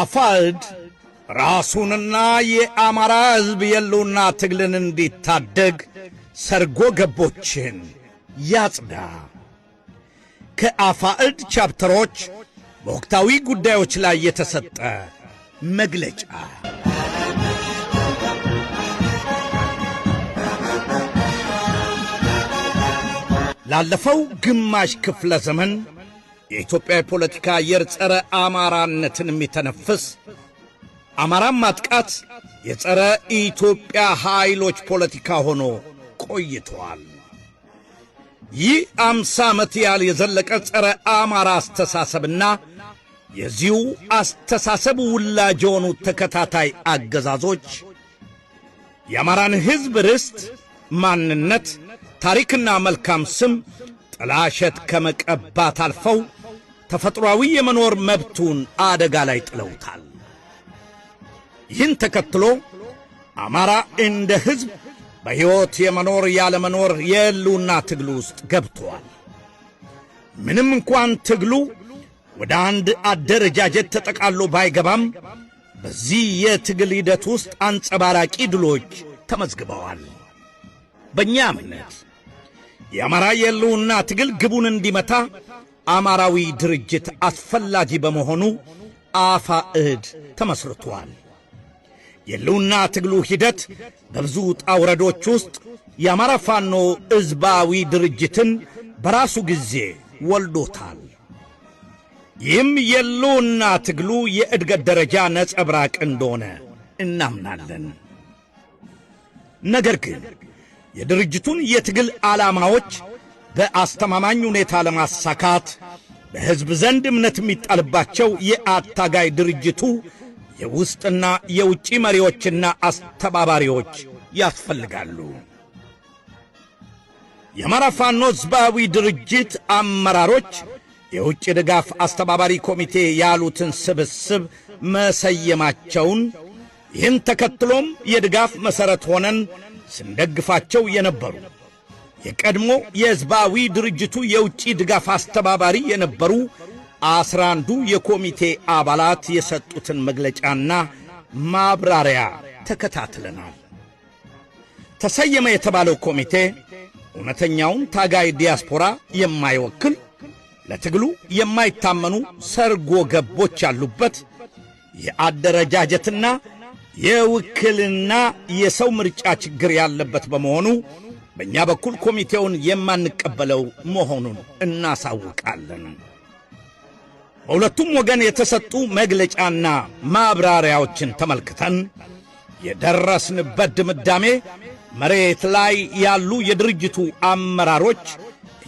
አፋልድ ራሱንና የአማራ ሕዝብ የሉና ትግልን እንዲታደግ ሰርጎ ገቦችን ያጽዳ። ከአፋዕድ ቻፕተሮች በወቅታዊ ጉዳዮች ላይ የተሰጠ መግለጫ ላለፈው ግማሽ ክፍለ ዘመን የኢትዮጵያ የፖለቲካ አየር ጸረ አማራነትን የሚተነፍስ አማራን ማጥቃት የጸረ ኢትዮጵያ ኃይሎች ፖለቲካ ሆኖ ቆይተዋል። ይህ አምሳ ዓመት ያህል የዘለቀ ጸረ አማራ አስተሳሰብና የዚሁ አስተሳሰብ ውላጅ የሆኑ ተከታታይ አገዛዞች የአማራን ሕዝብ ርስት፣ ማንነት፣ ታሪክና መልካም ስም ጥላሸት ከመቀባት አልፈው ተፈጥሯዊ የመኖር መብቱን አደጋ ላይ ጥለውታል። ይህን ተከትሎ አማራ እንደ ሕዝብ በሕይወት የመኖር ያለመኖር የሕልውና ትግል ውስጥ ገብተዋል። ምንም እንኳን ትግሉ ወደ አንድ አደረጃጀት ተጠቃሎ ባይገባም በዚህ የትግል ሂደት ውስጥ አንጸባራቂ ድሎች ተመዝግበዋል። በእኛ እምነት የአማራ የሕልውና ትግል ግቡን እንዲመታ አማራዊ ድርጅት አስፈላጊ በመሆኑ እህድ ተመስርቷል። የሕልውና ትግሉ ሂደት በብዙ ጣውረዶች ውስጥ የአማራ ፋኖ ሕዝባዊ ድርጅትን በራሱ ጊዜ ወልዶታል። ይህም የሕልውና ትግሉ የእድገት ደረጃ ነጸብራቅ እንደሆነ እናምናለን። ነገር ግን የድርጅቱን የትግል ዓላማዎች በአስተማማኝ ሁኔታ ለማሳካት በሕዝብ ዘንድ እምነት የሚጣልባቸው የአታጋይ ድርጅቱ የውስጥና የውጭ መሪዎችና አስተባባሪዎች ያስፈልጋሉ። የአማራ ፋኖ ሕዝባዊ ድርጅት አመራሮች የውጭ ድጋፍ አስተባባሪ ኮሚቴ ያሉትን ስብስብ መሰየማቸውን ይህን ተከትሎም የድጋፍ መሠረት ሆነን ስንደግፋቸው የነበሩ የቀድሞ የሕዝባዊ ድርጅቱ የውጭ ድጋፍ አስተባባሪ የነበሩ አስራ አንዱ የኮሚቴ አባላት የሰጡትን መግለጫና ማብራሪያ ተከታትለናል። ተሰየመ የተባለው ኮሚቴ እውነተኛውን ታጋይ ዲያስፖራ የማይወክል ለትግሉ የማይታመኑ ሰርጎ ገቦች ያሉበት የአደረጃጀትና የውክልና የሰው ምርጫ ችግር ያለበት በመሆኑ በእኛ በኩል ኮሚቴውን የማንቀበለው መሆኑን እናሳውቃለን። በሁለቱም ወገን የተሰጡ መግለጫና ማብራሪያዎችን ተመልክተን የደረስንበት ድምዳሜ መሬት ላይ ያሉ የድርጅቱ አመራሮች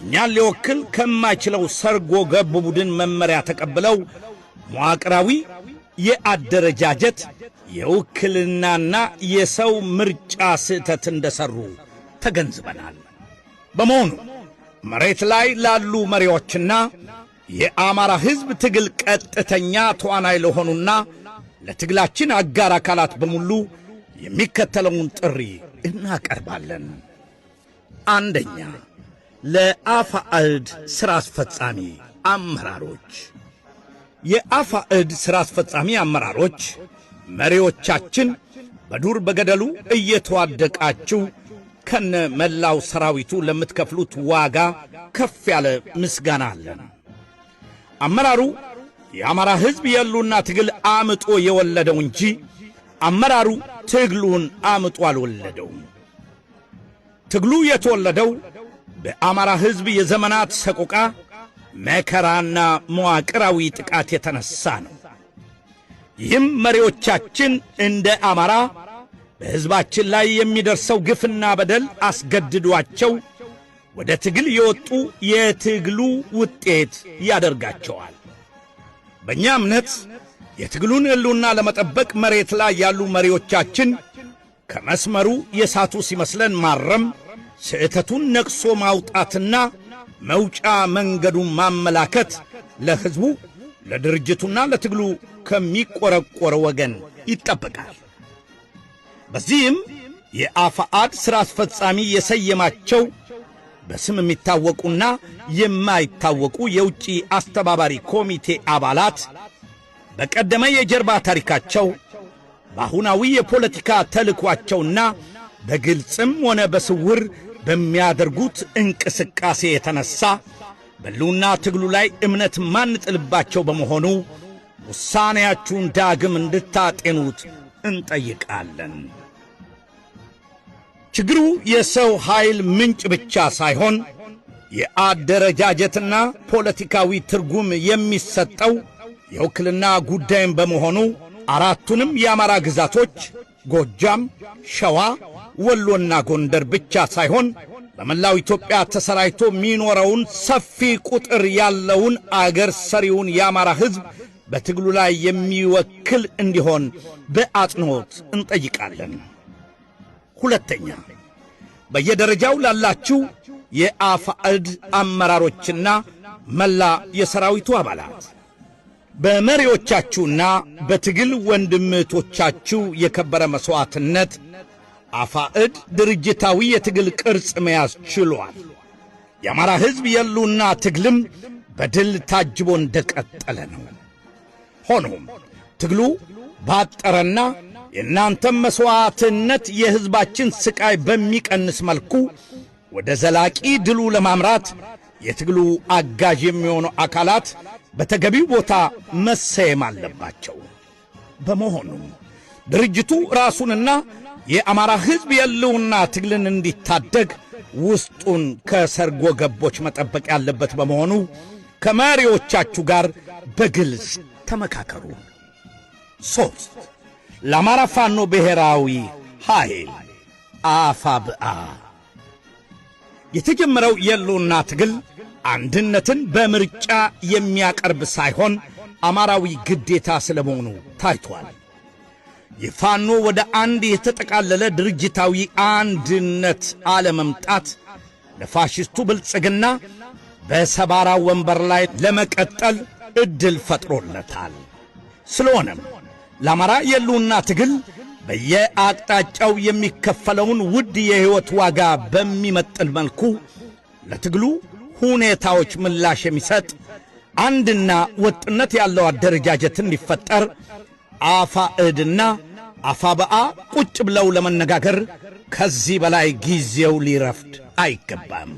እኛን ሊወክል ከማይችለው ሰርጎ ገብ ቡድን መመሪያ ተቀብለው መዋቅራዊ የአደረጃጀት የውክልናና የሰው ምርጫ ስህተት እንደሠሩ ተገንዝበናል። በመሆኑ መሬት ላይ ላሉ መሪዎችና የአማራ ሕዝብ ትግል ቀጥተኛ ተዋናይ ለሆኑና ለትግላችን አጋር አካላት በሙሉ የሚከተለውን ጥሪ እናቀርባለን። አንደኛ፣ ለአፋዕድ ሥራ አስፈጻሚ አመራሮች የአፋዕድ ሥራ አስፈጻሚ አመራሮች መሪዎቻችን በዱር በገደሉ እየተዋደቃችሁ ከነ መላው ሰራዊቱ ለምትከፍሉት ዋጋ ከፍ ያለ ምስጋና አለን። አመራሩ የአማራ ሕዝብ የሉና ትግል አምጦ የወለደው እንጂ አመራሩ ትግሉን አምጦ አልወለደውም። ትግሉ የተወለደው በአማራ ሕዝብ የዘመናት ሰቆቃ፣ መከራና መዋቅራዊ ጥቃት የተነሳ ነው። ይህም መሪዎቻችን እንደ አማራ በሕዝባችን ላይ የሚደርሰው ግፍና በደል አስገድዷቸው ወደ ትግል የወጡ የትግሉ ውጤት ያደርጋቸዋል። በእኛ እምነት የትግሉን ሕልውና ለመጠበቅ መሬት ላይ ያሉ መሪዎቻችን ከመስመሩ የሳቱ ሲመስለን ማረም፣ ስህተቱን ነቅሶ ማውጣትና መውጫ መንገዱን ማመላከት ለሕዝቡ ለድርጅቱና ለትግሉ ከሚቈረቈር ወገን ይጠበቃል። በዚህም የአፋአድ ሥራ አስፈጻሚ የሰየማቸው በስም የሚታወቁና የማይታወቁ የውጭ አስተባባሪ ኮሚቴ አባላት በቀደመ የጀርባ ታሪካቸው በአሁናዊ የፖለቲካ ተልኳቸውና በግልጽም ሆነ በስውር በሚያደርጉት እንቅስቃሴ የተነሳ በሕልውና ትግሉ ላይ እምነት ማንጥልባቸው በመሆኑ ውሳኔያችሁን ዳግም እንድታጤኑት እንጠይቃለን። ችግሩ የሰው ኃይል ምንጭ ብቻ ሳይሆን የአደረጃጀትና ፖለቲካዊ ትርጉም የሚሰጠው የውክልና ጉዳይም በመሆኑ አራቱንም የአማራ ግዛቶች ጎጃም፣ ሸዋ፣ ወሎና ጎንደር ብቻ ሳይሆን በመላው ኢትዮጵያ ተሰራይቶ የሚኖረውን ሰፊ ቁጥር ያለውን አገር ሰሪውን የአማራ ሕዝብ በትግሉ ላይ የሚወክል እንዲሆን በአጽንኦት እንጠይቃለን። ሁለተኛ በየደረጃው ላላችሁ የአፋዕድ አመራሮችና መላ የሰራዊቱ አባላት በመሪዎቻችሁና በትግል ወንድምቶቻችሁ የከበረ መሥዋዕትነት አፋዕድ ድርጅታዊ የትግል ቅርጽ መያዝ ችሏል። የአማራ ሕዝብ የሉና ትግልም በድል ታጅቦ እንደቀጠለ ነው። ሆኖም ትግሉ ባጠረና የእናንተም መሥዋዕትነት የሕዝባችን ሥቃይ በሚቀንስ መልኩ ወደ ዘላቂ ድሉ ለማምራት የትግሉ አጋዥ የሚሆኑ አካላት በተገቢው ቦታ መሰየም አለባቸው። በመሆኑም ድርጅቱ ራሱንና የአማራ ሕዝብ የሕልውና ትግልን እንዲታደግ ውስጡን ከሰርጎ ገቦች መጠበቅ ያለበት በመሆኑ ከመሪዎቻችሁ ጋር በግልጽ ተመካከሩ። ሦስት ለአማራ ፋኖ ብሔራዊ ኃይል አፋብአ የተጀመረው የሉና ትግል አንድነትን በምርጫ የሚያቀርብ ሳይሆን አማራዊ ግዴታ ስለመሆኑ ታይቷል። የፋኖ ወደ አንድ የተጠቃለለ ድርጅታዊ አንድነት አለመምጣት ለፋሽስቱ ብልጽግና በሰባራ ወንበር ላይ ለመቀጠል ዕድል ፈጥሮለታል። ስለሆነም ለአማራ የሕልውና ትግል በየአቅጣጫው የሚከፈለውን ውድ የሕይወት ዋጋ በሚመጥን መልኩ ለትግሉ ሁኔታዎች ምላሽ የሚሰጥ አንድና ወጥነት ያለው አደረጃጀት እንዲፈጠር አፋዕድና አፋበአ ቁጭ ብለው ለመነጋገር ከዚህ በላይ ጊዜው ሊረፍድ አይገባም።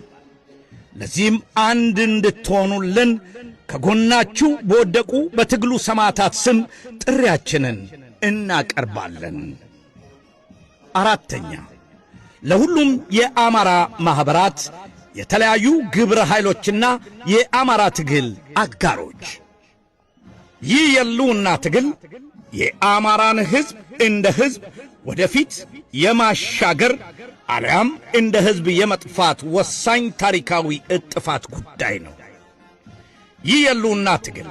ለዚህም አንድ እንድትሆኑልን ከጎናችሁ በወደቁ በትግሉ ሰማዕታት ስም ጥሪያችንን እናቀርባለን። አራተኛ ለሁሉም የአማራ ማኅበራት፣ የተለያዩ ግብረ ኃይሎችና የአማራ ትግል አጋሮች ይህ የሕልውና ትግል የአማራን ሕዝብ እንደ ሕዝብ ወደፊት የማሻገር አልያም እንደ ሕዝብ የመጥፋት ወሳኝ ታሪካዊ እጥፋት ጉዳይ ነው። ይህ ትግል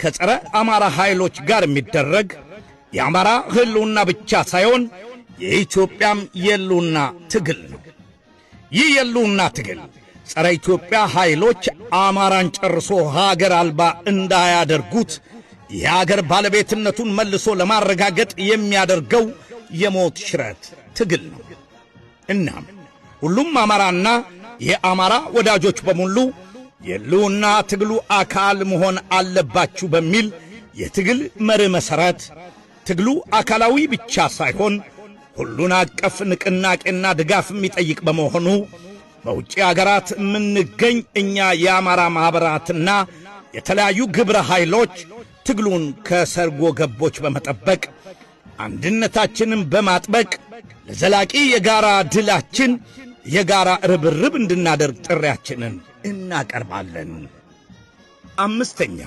ከጸረ አማራ ኃይሎች ጋር የሚደረግ የአማራ ህልውና ብቻ ሳይሆን የኢትዮጵያም የህልውና ትግል ነው። ይህ የህልውና ትግል ጸረ ኢትዮጵያ ኃይሎች አማራን ጨርሶ ሀገር አልባ እንዳያደርጉት የአገር ባለቤትነቱን መልሶ ለማረጋገጥ የሚያደርገው የሞት ሽረት ትግል ነው። እናም ሁሉም አማራና የአማራ ወዳጆች በሙሉ የሕልውና ትግሉ አካል መሆን አለባችሁ በሚል የትግል መር መሠረት ትግሉ አካላዊ ብቻ ሳይሆን ሁሉን አቀፍ ንቅናቄና ድጋፍ የሚጠይቅ በመሆኑ በውጭ አገራት የምንገኝ እኛ የአማራ ማኅበራትና የተለያዩ ግብረ ኃይሎች ትግሉን ከሰርጎ ገቦች በመጠበቅ አንድነታችንን በማጥበቅ ለዘላቂ የጋራ ድላችን የጋራ ርብርብ እንድናደርግ ጥሪያችንን እናቀርባለን። አምስተኛ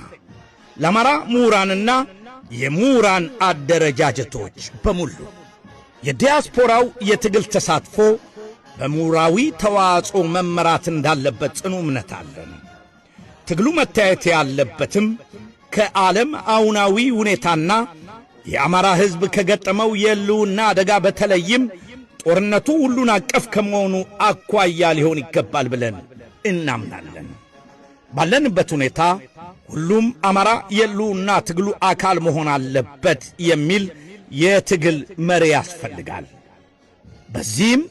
ለአማራ ምሁራንና የምሁራን አደረጃጀቶች በሙሉ የዲያስፖራው የትግል ተሳትፎ በምሁራዊ ተዋጽኦ መመራት እንዳለበት ጽኑ እምነት አለን። ትግሉ መታየት ያለበትም ከዓለም አውናዊ ሁኔታና የአማራ ሕዝብ ከገጠመው የሕልውና አደጋ በተለይም ጦርነቱ ሁሉን አቀፍ ከመሆኑ አኳያ ሊሆን ይገባል ብለን እናምናለን። ባለንበት ሁኔታ ሁሉም አማራ የሉና ትግሉ አካል መሆን አለበት የሚል የትግል መሪ ያስፈልጋል። በዚህም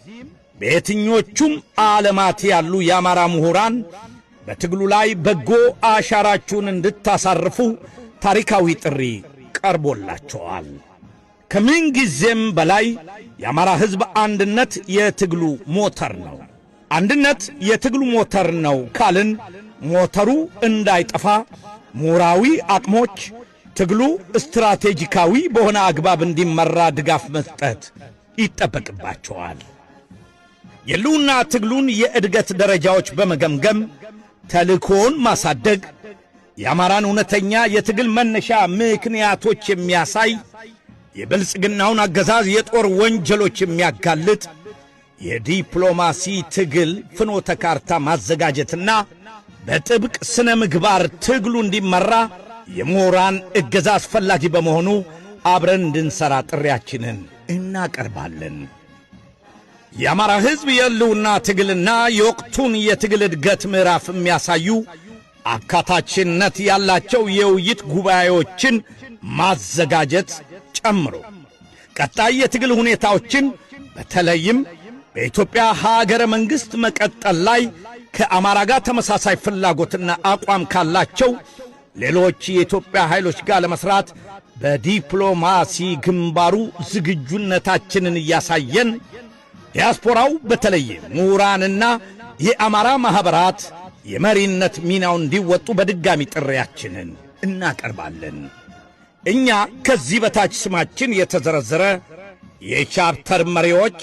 በየትኞቹም ዓለማት ያሉ የአማራ ምሁራን በትግሉ ላይ በጎ አሻራችሁን እንድታሳርፉ ታሪካዊ ጥሪ ቀርቦላቸዋል። ከምን ጊዜም በላይ የአማራ ሕዝብ አንድነት የትግሉ ሞተር ነው። አንድነት የትግሉ ሞተር ነው ካልን ሞተሩ እንዳይጠፋ ምሁራዊ አቅሞች ትግሉ ስትራቴጂካዊ በሆነ አግባብ እንዲመራ ድጋፍ መስጠት ይጠበቅባቸዋል። የሕልውና ትግሉን የእድገት ደረጃዎች በመገምገም ተልእኮውን ማሳደግ የአማራን እውነተኛ የትግል መነሻ ምክንያቶች የሚያሳይ የብልጽግናውን አገዛዝ የጦር ወንጀሎች የሚያጋልጥ የዲፕሎማሲ ትግል ፍኖተ ካርታ ማዘጋጀትና በጥብቅ ሥነ ምግባር ትግሉ እንዲመራ የምሁራን እገዛ አስፈላጊ በመሆኑ አብረን እንድንሠራ ጥሪያችንን እናቀርባለን። የአማራ ሕዝብ የሕልውና ትግልና የወቅቱን የትግል ዕድገት ምዕራፍ የሚያሳዩ አካታችነት ያላቸው የውይይት ጉባኤዎችን ማዘጋጀት ጨምሮ ቀጣይ የትግል ሁኔታዎችን በተለይም በኢትዮጵያ ሀገረ መንግሥት መቀጠል ላይ ከአማራ ጋር ተመሳሳይ ፍላጎትና አቋም ካላቸው ሌሎች የኢትዮጵያ ኃይሎች ጋር ለመሥራት በዲፕሎማሲ ግንባሩ ዝግጁነታችንን እያሳየን ዲያስፖራው በተለይ ምሁራንና የአማራ ማኅበራት የመሪነት ሚናው እንዲወጡ በድጋሚ ጥሪያችንን እናቀርባለን። እኛ ከዚህ በታች ስማችን የተዘረዘረ የቻፕተር መሪዎች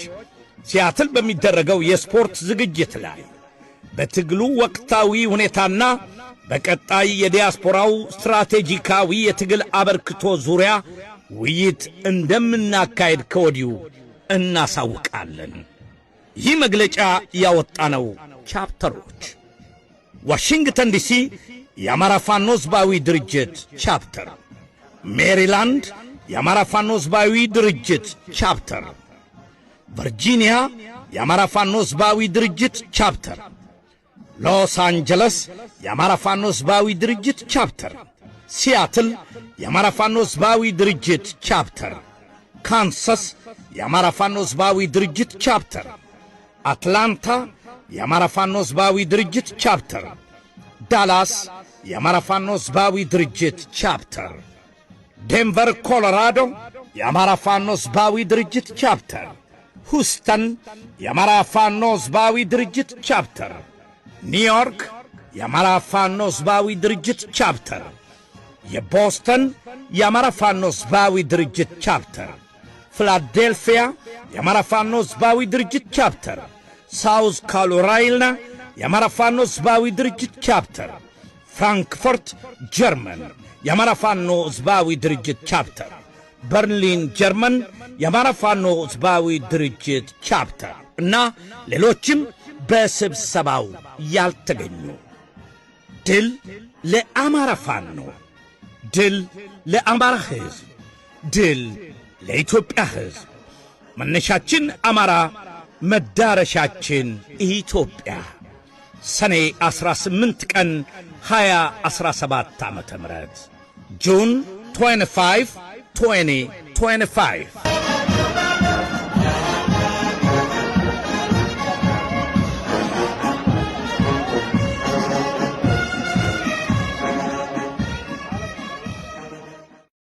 ሲያትል በሚደረገው የስፖርት ዝግጅት ላይ በትግሉ ወቅታዊ ሁኔታና በቀጣይ የዲያስፖራው ስትራቴጂካዊ የትግል አበርክቶ ዙሪያ ውይይት እንደምናካሄድ ከወዲሁ እናሳውቃለን። ይህ መግለጫ ያወጣነው ቻፕተሮች ዋሽንግተን ዲሲ የአማራ ፋኖ ሕዝባዊ ድርጅት ቻፕተር፣ ሜሪላንድ የአማራ ፋኖ ሕዝባዊ ድርጅት ቻፕተር ቨርጂኒያ የአማራ ፋኖ ሕዝባዊ ድርጅት ቻፕተር፣ ሎስ አንጀለስ የአማራ ፋኖ ሕዝባዊ ድርጅት ቻፕተር፣ ሲያትል የአማራ ፋኖ ሕዝባዊ ድርጅት ቻፕተር፣ ካንሳስ የአማራ ፋኖ ሕዝባዊ ድርጅት ቻፕተር፣ አትላንታ የአማራ ፋኖ ሕዝባዊ ድርጅት ቻፕተር፣ ዳላስ የአማራ ፋኖ ሕዝባዊ ድርጅት ቻፕተር፣ ዴንቨር ኮሎራዶ የአማራ ፋኖ ሕዝባዊ ድርጅት ቻፕተር ሁስተን የአማራ ፋኖ ሕዝባዊ ድርጅት ቻፕተር፣ ኒውዮርክ የአማራ ፋኖ ሕዝባዊ ድርጅት ቻፕተር፣ የቦስተን የአማራ ፋኖ ሕዝባዊ ድርጅት ቻፕተር፣ ፊላዴልፊያ የአማራ ፋኖ ሕዝባዊ ድርጅት ቻፕተር፣ ሳውዝ ካሮላይና የአማራ ፋኖ ሕዝባዊ ድርጅት ቻፕተር፣ ፍራንክፎርት ጀርመን የአማራ ፋኖ ሕዝባዊ ድርጅት ቻፕተር በርሊን ጀርመን የአማራ ፋኖ ሕዝባዊ ድርጅት ቻፕተር እና ሌሎችም በስብሰባው ያልተገኙ። ድል ለአማራ ፋኖ፣ ድል ለአማራ ሕዝብ፣ ድል ለኢትዮጵያ ሕዝብ። መነሻችን አማራ፣ መዳረሻችን ኢትዮጵያ። ሰኔ 18 ቀን 2017 ዓ ም ጁን 25 20, 25.